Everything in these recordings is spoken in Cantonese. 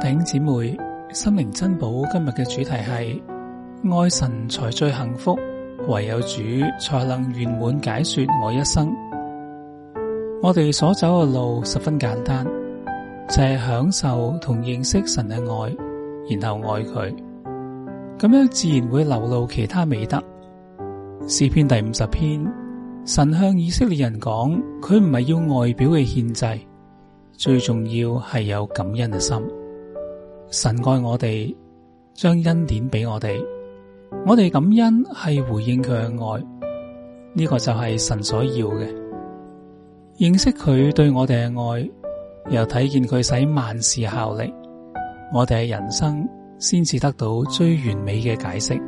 弟兄姊妹，心靈珍寶，今日嘅主題係愛神才最幸福，唯有主才能圓滿解說我一生。我哋所走嘅路十分簡單，就係、是、享受同認識神嘅愛，然後愛佢，咁樣自然會流露其他美德。詩篇第五十篇，神向以色列人講，佢唔係要外表嘅獻祭，最重要係有感恩嘅心。神愛我哋，將恩典俾我哋，我哋感恩係回應佢嘅愛，呢個就係神所要嘅。認識佢對我哋嘅愛，又睇見佢使萬事效力，我哋嘅人生先至得到最完美嘅解釋。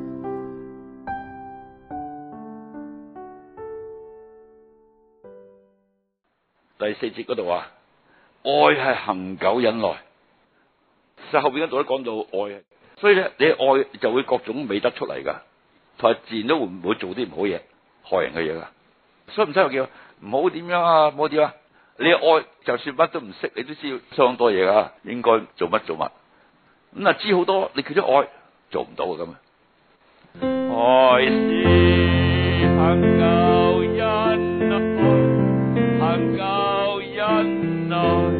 第四節嗰度話，愛係恒久忍耐。就其實後邊一度都講到愛，所以咧你的愛就會各種美德出嚟噶，同埋自然都會唔會做啲唔好嘢、害人嘅嘢噶。所以唔使又叫唔好點樣啊，唔好點啊。你的愛就算乜都唔識，你都知道傷多嘢啊，應該做乜做乜。咁啊知好多，你缺咗愛，做唔到嘅咁，愛是恆久忍耐啊。愛是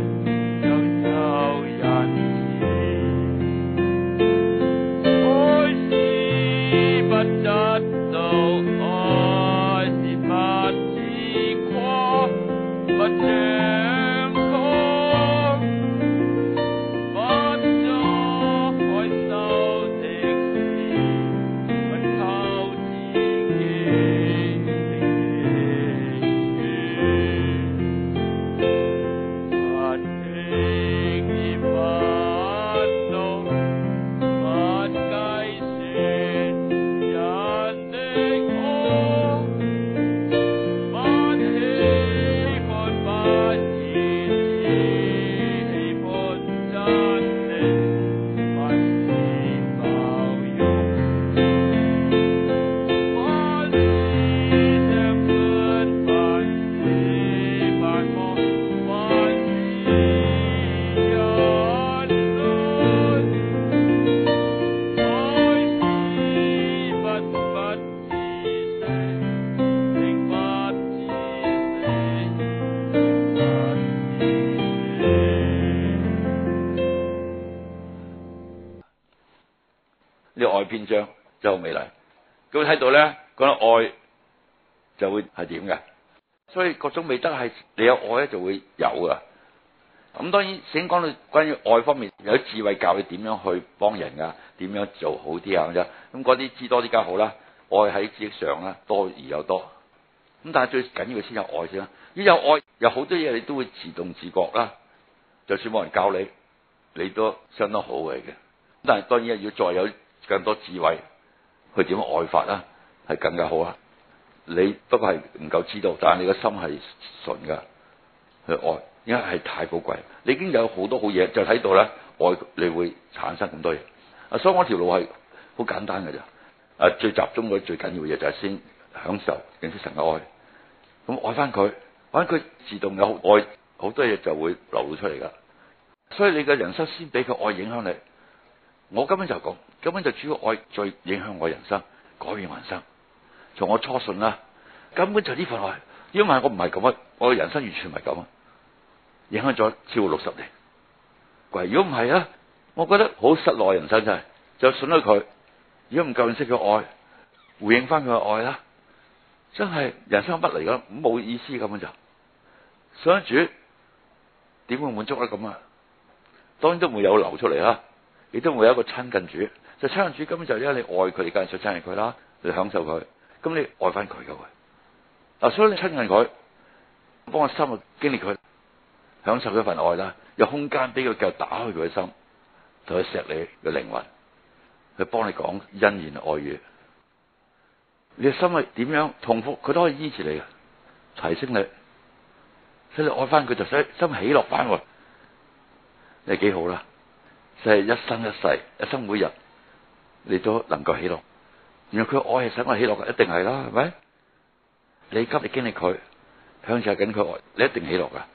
篇章就好美麗，咁睇到咧，講到愛，愛就會係點嘅，所以嗰種美德係你有愛咧就會有噶。咁當然先講到關於愛方面，有智慧教你點樣去幫人啊，點樣做好啲啊咁樣，咁嗰啲知多啲梗好啦。愛喺知識上啦，多而又多。咁但係最緊要先有愛先啦。而有愛，有好多嘢你都會自動自覺啦。就算冇人教你，你都相當好嚟嘅。但係當然要再有。更多智慧，佢點愛法啊，係更加好啊。你都是不過係唔夠知道，但係你個心係純噶，去愛，因為係太寶貴。你已經有好多好嘢，就睇到咧，愛你會產生咁多嘢。啊，所以我條路係好簡單嘅咋。啊，最集中嘅、最緊要嘅嘢，就係先享受認識神嘅愛，咁愛翻佢，反正佢自動有好愛，好多嘢就會流露出嚟噶。所以你嘅人生先俾佢愛影響你。我根本就講，根本就主要愛最影響我人生，改變人生，從我初信啦，根本就呢份愛，因為我唔係咁啊，我嘅人生完全唔係咁啊，影響咗超過六十年，喂如果唔係啊，我覺得好失落，人生就係、是、就信咗佢，如果唔夠認識佢愛，回應翻佢嘅愛啦，真係人生乜嚟噶？冇意思咁就想主點會滿足得咁啊？當然都會有流出嚟啊！你都冇有一個親近主，就親近主根本就因為你愛佢，而家想親近佢啦，你，他你享受佢，咁你愛翻佢嘅喎。嗱，所以你親近佢，幫我心入經歷佢，享受一份愛啦，有空間俾佢夠打開佢嘅心，就去錫你嘅靈魂，去幫你講恩言愛語，你嘅心啊點樣痛苦，佢都可以醫治你的，提升你，所以你愛翻佢就他心心喜樂翻，你幾好啦。即係一生一世，一生每日，你都能夠喜樂。原來佢愛係使我喜樂嘅，一定係啦，係咪？你急力經歷佢，享受緊佢愛，你一定喜樂噶，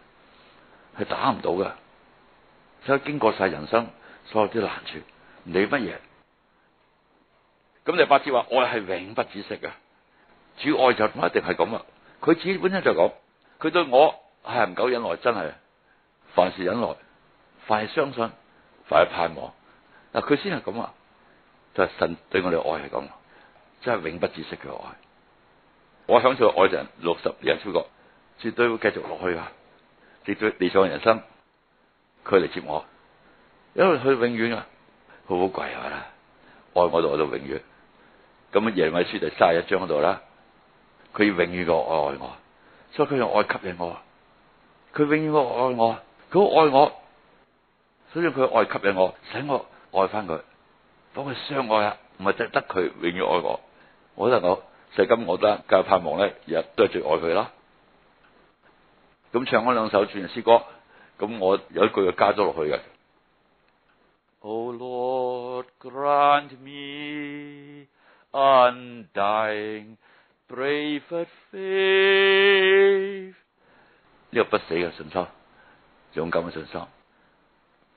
係打唔到噶。所以經過晒人生所有啲難處，唔理乜嘢。咁你八字話愛係永不止息嘅，主要愛就一定係咁啊！佢自己本身就咁，佢對我係唔夠忍耐，真係。凡事忍耐，凡事相信。快去盼望嗱，佢先係咁啊！就係、是、神對我哋嘅愛係咁，真係永不止息嘅愛。我享受愛神六十年超過，絕對會繼續落去啊，絕對理想人生。佢嚟接我，因為佢永遠啊，好好貴，係咪啊？愛我到我到永遠，咁耶利米書就卅一章嗰度啦。佢永遠個愛，愛我，所以佢用愛吸引我。佢永遠個愛我，佢好愛我。所以佢愛吸引我，使我愛翻佢，咁佢相愛啊？唔係淨得佢永遠愛我，我都係我，至今我都，今日盼望咧，日都係最愛佢啦。咁唱嗰兩首傳人詩歌，咁我有一句要加咗落去嘅。O Lord, grant me undying brave faith。呢個不死嘅信心，勇敢嘅信心。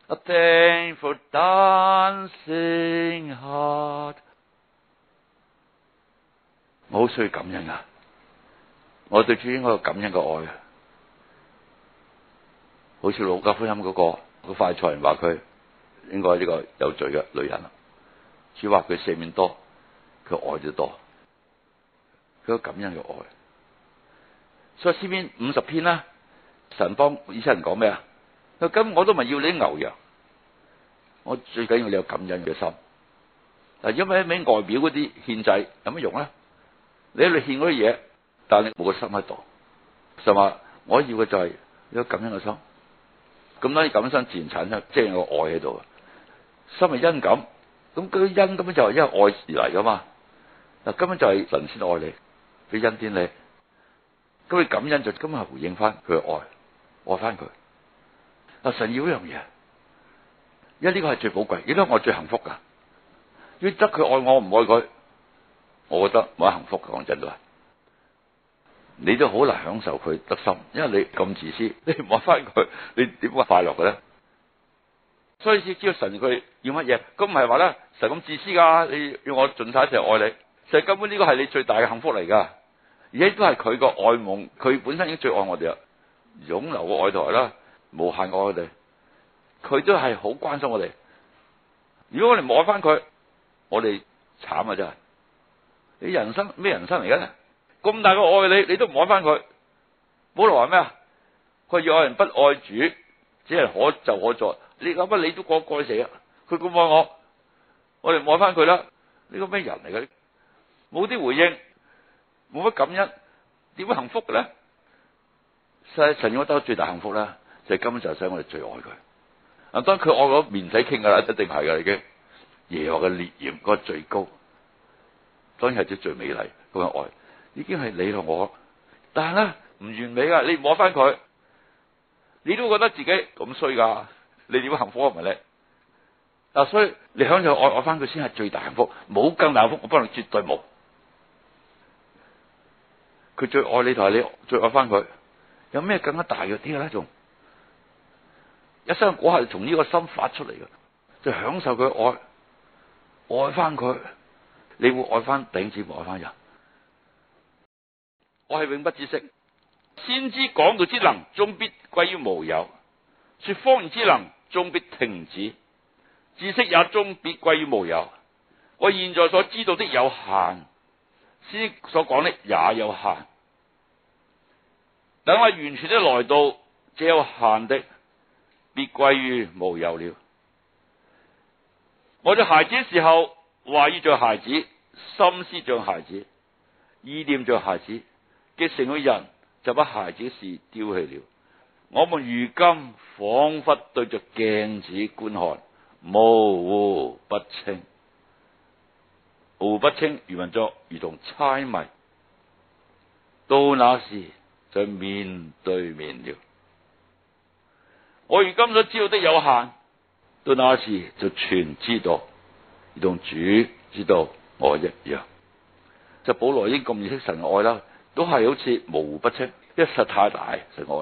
我好需要感恩啊！我對主應該有感恩嘅愛，好似老家福音嗰、那個，那個快菜人話佢應該係呢個有罪嘅女人啊，主話佢赦免多，佢愛就多，佢有感恩嘅愛。所以詩篇五十篇啦，神幫以色人講咩啊？咁我都唔係要你牛羊，我最緊要你有感恩嘅心。嗱，因為喺外表嗰啲獻祭有乜用呢？你喺度獻嗰啲嘢，但係你冇個心喺度，就話我要嘅就係有感恩嘅心。咁多感恩心自然產生，即係個愛喺度。心係恩感，咁佢因恩咁就係因為愛而嚟噶嘛？嗱，根本就係神先愛你，俾恩典你，咁、那、你、個、感恩就根本係回應翻佢嘅愛，愛翻佢。阿神要呢樣嘢，因為呢個係最寶貴，亦都我最幸福噶如得佢愛我唔愛佢，我覺得冇幸福的。講真都係，你都好難享受佢得心，因為你咁自私，你唔望翻佢，你點會快樂嘅咧？所以先知道神佢要乜嘢，咁唔係話咧神咁自私噶，你要我盡晒一切愛你，其實根本呢個係你最大嘅幸福嚟噶，而且都係佢個愛夢，佢本身已經最愛我哋啦，湧流個愛台啦。無限愛我哋，佢都係好關心我哋。如果我哋摸翻佢，我哋慘啊！真係，你人生咩人生嚟噶？咁大個愛你，你都唔愛翻佢。保羅話咩啊？佢要愛人不愛主，只係可就可做。你諗乜？你都過了過了死啦。佢咁愛我，我哋摸翻佢啦。呢個咩人嚟噶？冇啲回應，冇乜感恩，點會幸福呢？咧？世神應該得到最大幸福啦。就是根本就係使我哋最愛佢。啊，當佢愛我面仔傾噶啦，一定係噶已經。耶和華嘅烈焰，嗰個最高，當然係只最美麗咁嘅愛，已經係你同我。但係咧唔完美噶，你愛翻佢，你都覺得自己咁衰噶。你點樣幸福啊？唔係咧。嗱，所以你享受愛我愛翻佢先係最大幸福。冇更大幸福，我幫你絕對冇。佢最愛你同你最愛翻佢，有咩更加大嘅啲咧仲？一生果係從呢個心發出嚟嘅，就享受佢愛，愛翻佢，你會愛翻頂次唔愛翻人。愛是永不止息，先知講道之能，終必歸於無有；說方言之能，終必停止；知識也終必歸於無有。我現在所知道的有限，先知所講的也有限。等那完全的來到，這有限的，必歸於無有了。我做孩子的時候，話語像孩子，心思像孩子，意念像孩子，既成為人，就把孩子的事丟棄了。我們如今仿佛對着鏡子觀看，模糊不清，模糊不清，原文作如同猜謎，到那時就面對面了。我如今所知道的有限，到那時就全知道，而同主知道我一樣。就保羅已經咁認識神嘅愛啦，都係好似模糊不清，一實太大神愛。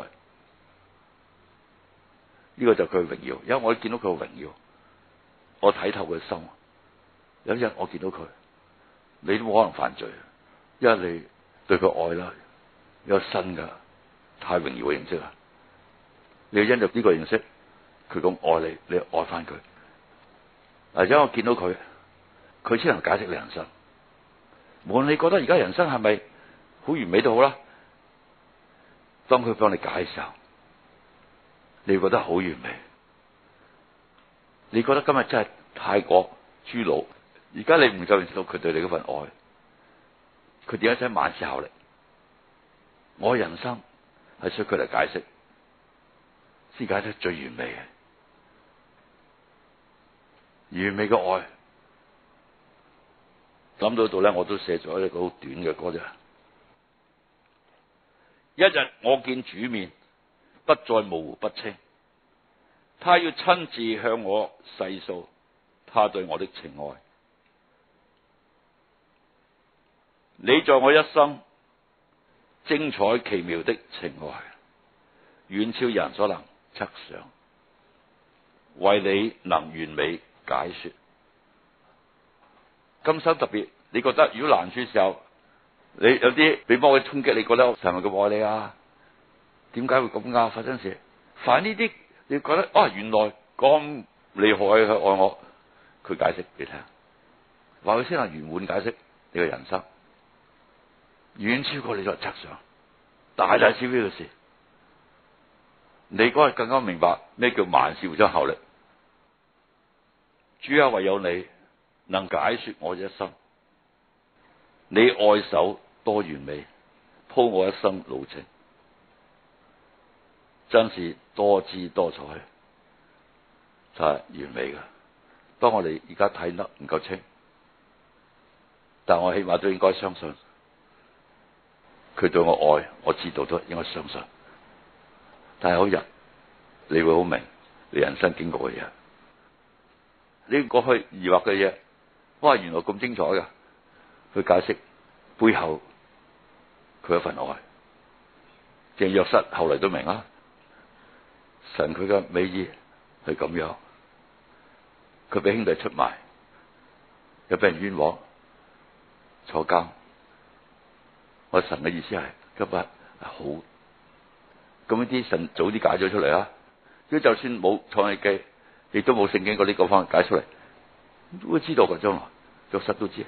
呢、這個就佢榮耀，因為我見到佢嘅榮耀，我睇透佢心。有一日我見到佢，你都冇可能犯罪，因為你對佢愛啦，有新㗎，太榮耀嘅認識啦。你要進入呢個認識，佢咁愛你，你要愛翻佢。或者我見到佢，佢先能解釋你人生。無論你覺得而家人生係咪好完美都好啦，當佢幫你解嘅時候，你會覺得好完美。你覺得今日真係太過豬腦，而家你唔夠認識到佢對你嗰份愛，佢點解使萬事效力？我嘅人生係需要佢嚟解釋。點解得最完美嘅完美嘅愛？諗到度咧，我都寫咗一個好短嘅歌啫。一日我見主面不再模糊不清，他要親自向我細訴他對我的情愛。你在我一生精彩奇妙的情愛，遠超人所能。測想為你能完美解說今生特別，你覺得如果難處時候，你有啲你幫佢衝擊，你覺得神唔夠愛你啊？點解會咁噶發生事反呢啲你覺得啊，原來咁厲害去愛我，佢解釋畀你聽，話佢先能圓滿解釋你嘅人生，遠超過你個測想，大大小小嘅事。你嗰日更加明白咩叫萬事互相效力。主啊，唯有你能解說我一生，你愛手多完美，鋪我一生路程，真是多姿多彩，就係、是、完美噶。當我哋而家睇得唔夠清，但我起碼都應該相信，佢對我愛，我知道都應該相信。但係好日，你會好明你人生經過嘅嘢，你過去疑惑嘅嘢，哇，原來咁精彩嘅，佢解釋背後佢一份愛，正如約瑟，後來都明啦，神佢嘅美意係咁樣，佢俾兄弟出賣，又俾人冤枉坐監，我神嘅意思係今日好。咁啲神早啲解咗出嚟啦，因為就算冇創世記亦都冇聖經過呢個方法解出嚟都會知道嘅，將來就實都知。